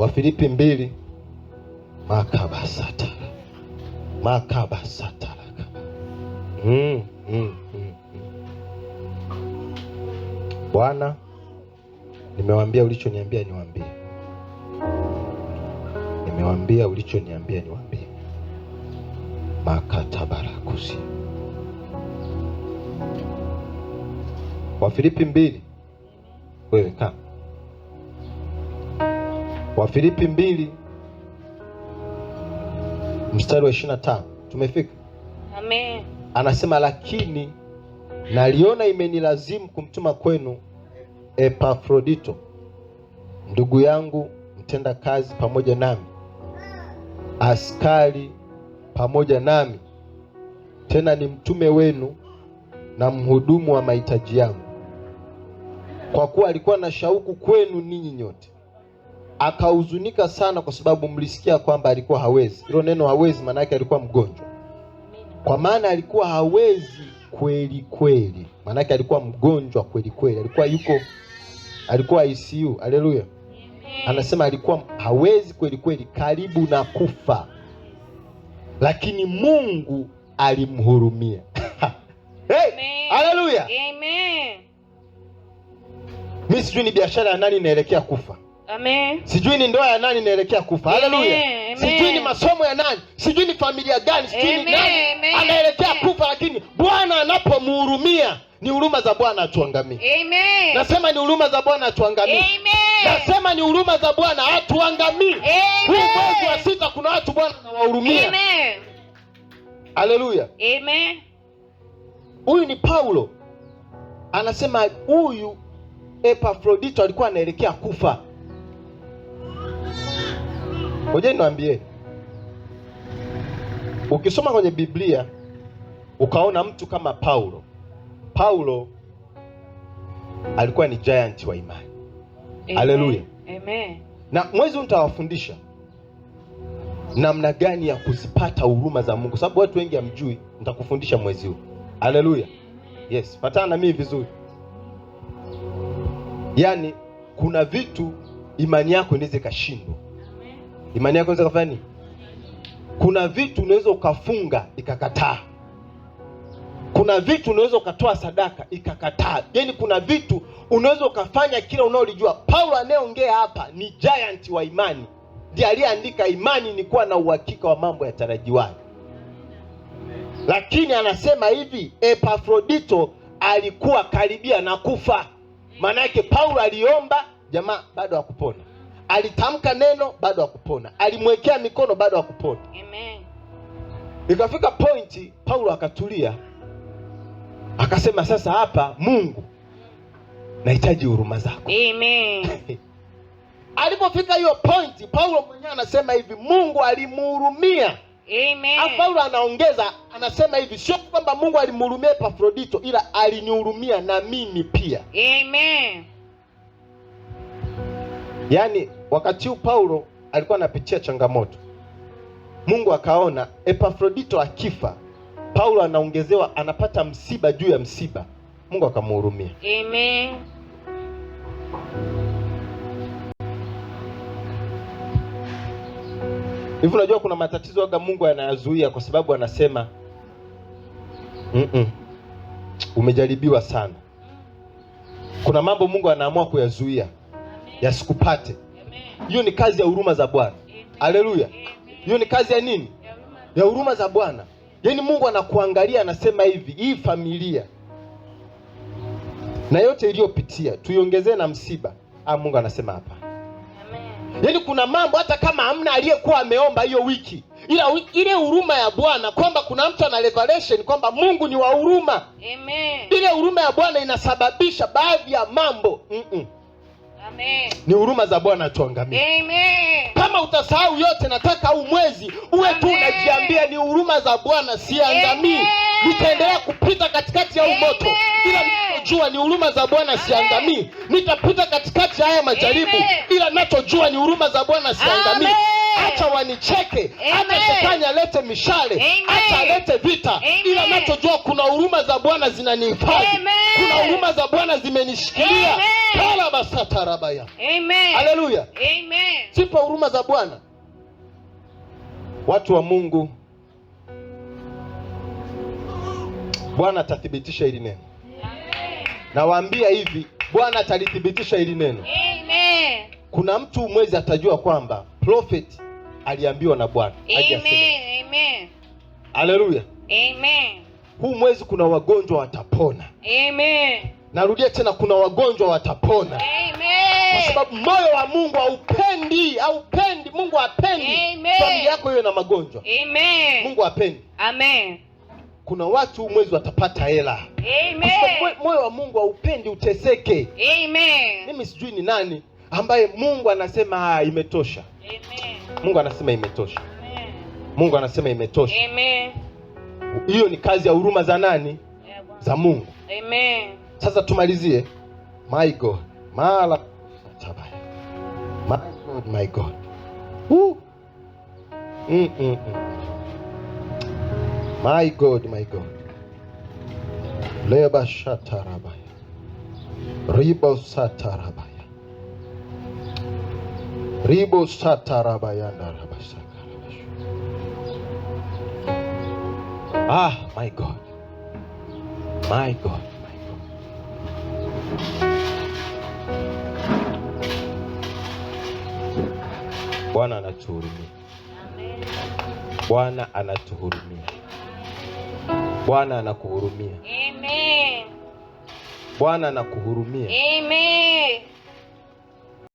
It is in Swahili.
Wafilipi mbili makabasata makabasata mm, mm, mm. Hmm. Bwana, nimewambia ulichoniambia niwambie, nimewambia ulichoniambia niwambie makatabarakusi Wafilipi mbili wewe kama Wafilipi mbili mstari wa 25 tumefika. Amen. Anasema lakini naliona imenilazimu kumtuma kwenu Epafrodito ndugu yangu mtenda kazi pamoja nami, askari pamoja nami, tena ni mtume wenu na mhudumu wa mahitaji yangu, kwa kuwa alikuwa na shauku kwenu ninyi nyote akahuzunika sana, kwa sababu mlisikia kwamba alikuwa hawezi. Hilo neno hawezi, maana yake alikuwa mgonjwa, kwa maana alikuwa hawezi kweli kweli, maana yake alikuwa mgonjwa kweli kweli, alikuwa yuko, alikuwa ICU. Haleluya! Anasema alikuwa hawezi kweli kweli, karibu na kufa, lakini Mungu alimhurumia. Hey, haleluya! Mimi sijui ni biashara ya nani inaelekea kufa Amen. Sijui ni ndoa ya nani inaelekea kufa. Haleluya. Sijui ni masomo ya nani, sijui ni familia gani, sijui ni nani anaelekea kufa, lakini Bwana anapomhurumia ni huruma za Bwana atuangamie. Amen. Nasema ni huruma za Bwana atuangamie. Amen. Nasema ni huruma za Bwana atuangamie. Amen. Huu mwezi wa sita kuna watu Bwana anawahurumia. Amen. Haleluya. Amen. Huyu ni Paulo anasema huyu Epafrodito alikuwa anaelekea kufa Ngoja niwaambie, ukisoma kwenye Biblia ukaona mtu kama Paulo. Paulo alikuwa ni giant wa imani. Haleluya, amen. Na mwezi huu nitawafundisha namna gani ya kuzipata huruma za Mungu, sababu watu wengi hamjui. Nitakufundisha mwezi huu. Haleluya, yes, patana na mimi vizuri. Yaani kuna vitu imani yako inaweza ikashindwa Imani yako inaweza kufanya nini? Kuna vitu unaweza ukafunga ikakataa, kuna vitu unaweza ukatoa sadaka ikakataa, yaani kuna vitu unaweza ukafanya kila unaolijua. Paulo anayeongea hapa ni giant wa imani, ndiye aliyeandika imani ni kuwa na uhakika wa mambo yatarajiwayo, lakini anasema hivi, Epafrodito alikuwa karibia na kufa. Maana yake Paulo aliomba, jamaa bado hakupona alitamka neno bado hakupona, alimwekea mikono bado hakupona. Amen. Ikafika pointi Paulo akatulia, akasema sasa hapa, Mungu nahitaji huruma zako. Amen. Alipofika hiyo pointi, Paulo mwenyewe anasema hivi, Mungu alimhurumia. Amen. Paulo anaongeza anasema hivi, sio kwamba Mungu alimhurumia Epafrodito, ila alinihurumia na mimi pia. Amen. Yaani wakati huu Paulo alikuwa anapitia changamoto. Mungu akaona Epafrodito akifa, Paulo anaongezewa, anapata msiba juu ya msiba. Mungu akamhurumia. Amen. Hivi unajua kuna matatizo waga Mungu anayazuia kwa sababu anasema mm -mm, umejaribiwa sana. Kuna mambo Mungu anaamua kuyazuia yasikupate. Hiyo ni kazi ya huruma za Bwana. Haleluya! hiyo ni kazi ya nini? Ya huruma za Bwana. Yaani Mungu anakuangalia anasema hivi, hii familia na yote iliyopitia tuiongezee na msiba. Ah, Mungu anasema hapa. Yaani kuna mambo hata kama hamna aliyekuwa ameomba hiyo wiki, ila ile huruma ya Bwana kwamba kuna mtu ana revelation kwamba Mungu ni wa huruma. Amen. Ile huruma ya Bwana inasababisha baadhi ya mambo mm -mm. Ni huruma za Bwana tuangamie. Kama utasahau yote, nataka au mwezi uwe tu unajiambia ni huruma za Bwana, siangamii, nitaendelea kupita katikati ya umoto ila ninachojua ni huruma za Bwana, siangamii. Nitapita katikati ya haya majaribu, ila ninachojua ni huruma za Bwana, siangamii. hata wanicheke, hata shetani alete mishale, acha za Bwana zinanihifadhi, kuna huruma za Bwana zimenishikilia. kalabasatarabaya haleluya. Sipo huruma za Bwana, watu wa Mungu, Bwana atathibitisha hili neno. Nawaambia hivi, Bwana atalithibitisha hili neno. Kuna mtu mwezi atajua kwamba prophet aliambiwa na Bwana. Amen. Amen. Haleluya. Amen huu mwezi kuna wagonjwa watapona. Amen. Narudia tena, kuna wagonjwa watapona. Amen. Kwa sababu moyo wa Mungu haupendi, haupendi, Mungu hapendi familia yako hiyo na magonjwa. Amen. Mungu hapendi. Amen. Kuna watu mwezi watapata hela. Moyo wa Mungu haupendi uteseke. Mimi sijui ni nani ambaye Mungu anasema ah, imetosha. Amen. Mungu anasema imetosha. Amen. Mungu anasema imetosha. Amen. Hiyo ni kazi ya huruma za nani? Yeah, za Mungu. Amen. Sasa tumalizie. My God. Mala. My God, my God. Woo. Mm, mm -mm. My God, my God. Leba shatarabaya. Ribo satarabaya. Ribo satarabaya ndarabasa. Ah, my God. My God. My God. Bwana anatuhurumia. Bwana anatuhurumia. Bwana anakuhurumia. Amen. Bwana anakuhurumia. Amen.